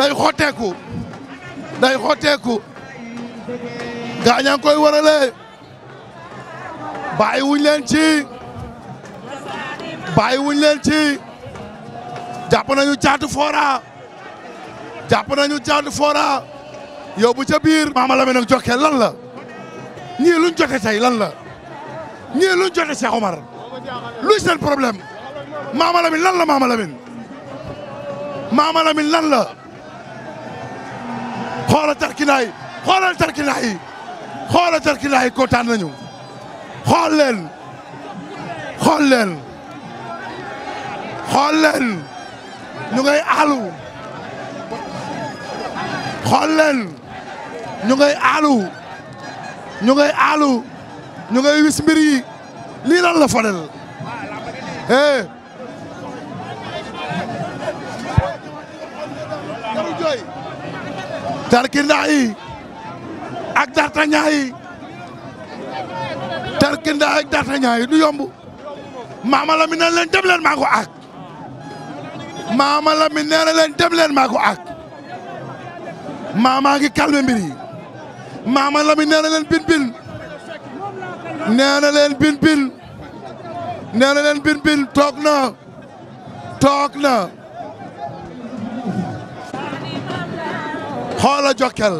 day xoteeku day xoteeku gaañaa koy warale bàyyi wuñ leen ci bàyyi wuñ leen ci jàpp nañu caatu foora jàpp nañu caatu foora yóbbu ca biir. Mama Lamine ak lan la ñii luñ jote tey lan la ñii luñ jote Cheikh Omar luy seen problème Mama Lamine lan la Mama lan la. xoolal tarkinaa yi xoolal tarkinaa yi xoolal tarkinaa yi kontaan nañu xool leen xool leen xool leen ñu ngay aalu xool ñu ngay aalu ñu ngay aalu ñu ngay wis mbir yi lii lan la fadel eh tarkinda yi ak dartañaa yi tarkinda ak dartañaa yi du yomb maama la mi ne leen dem maa ko ak maama la mi nee na leen dem maa ko ak maamaa ngi calme mbir yi maama la mi nee leen bin bin nee leen bin bin nee na leen bin xoola Jokal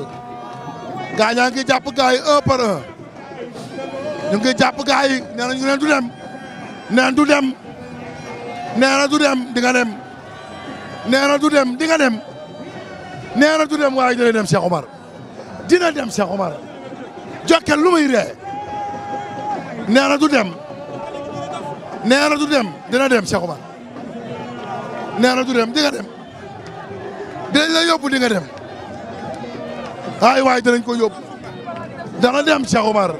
gaa ñaa ngi jàpp gaa yi un par un ñu ngi jàpp gaa yi nee na du dem neen du dem nee dem di nga dem nee na du dem di dem nee na du dem waaye dina dem Cheikh Omar dina dem Cheikh Omar Jokal lu ree nee du dem nee na du dem dina dem Cheikh Omar du dem di dem dinañ la yóbbu di nga dem ay waay danañ ko yóbbu dana dem Cheikh Omar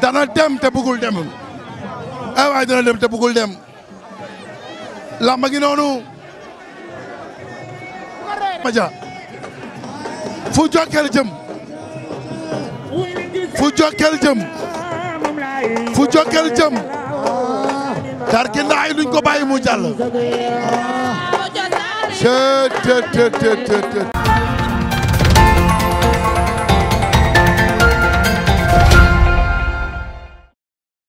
dana dem te bëggul dana dem te bëggul dem làmb gi noonu fu jokkel jëm fu jokkel jëm fu jokkel jëm tarki ndaay ko bàyyi mu jàll.